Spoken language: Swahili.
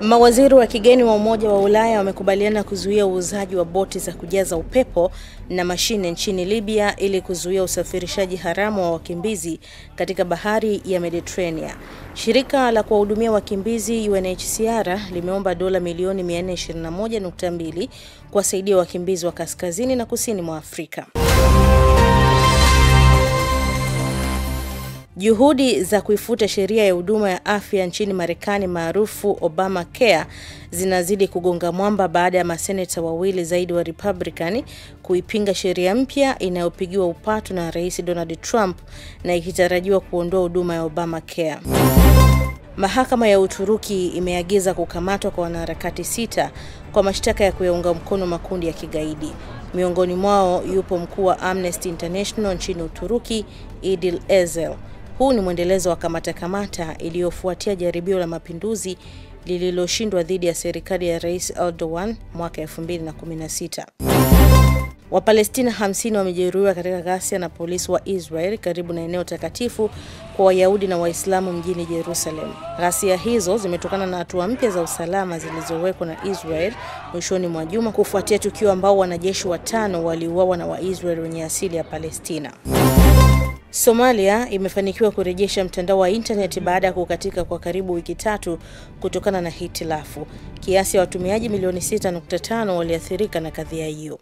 Mawaziri wa kigeni wa Umoja wa Ulaya wamekubaliana kuzuia uuzaji wa boti za kujaza upepo na mashine nchini Libya ili kuzuia usafirishaji haramu wa wakimbizi katika bahari ya Mediterania. Shirika la kuwahudumia wakimbizi UNHCR limeomba dola milioni 421.2 kuwasaidia wakimbizi wa kaskazini na kusini mwa Afrika. Juhudi za kuifuta sheria ya huduma ya afya nchini Marekani maarufu Obamacare zinazidi kugonga mwamba baada ya maseneta wawili zaidi wa Republican kuipinga sheria mpya inayopigiwa upatu na Rais Donald Trump na ikitarajiwa kuondoa huduma ya Obamacare. Mahakama ya Uturuki imeagiza kukamatwa kwa wanaharakati sita kwa mashtaka ya kuyaunga mkono makundi ya kigaidi. Miongoni mwao yupo mkuu wa Amnesty International nchini Uturuki, Idil Ezel. Huu ni mwendelezo wa kamata kamata iliyofuatia jaribio la mapinduzi lililoshindwa dhidi ya serikali ya Rais Erdogan mwaka 2016. Wapalestina 50 wamejeruhiwa katika ghasia na polisi wa Israel karibu na eneo takatifu kwa Wayahudi na Waislamu mjini Jerusalem. Ghasia hizo zimetokana na hatua mpya za usalama zilizowekwa na Israel mwishoni mwa juma kufuatia tukio ambao wanajeshi watano waliuawa na Waisrael wenye asili ya Palestina. Somalia imefanikiwa kurejesha mtandao wa intaneti baada ya kukatika kwa karibu wiki tatu kutokana na hitilafu. Kiasi ya watumiaji milioni 6.5 waliathirika na kadhia hiyo.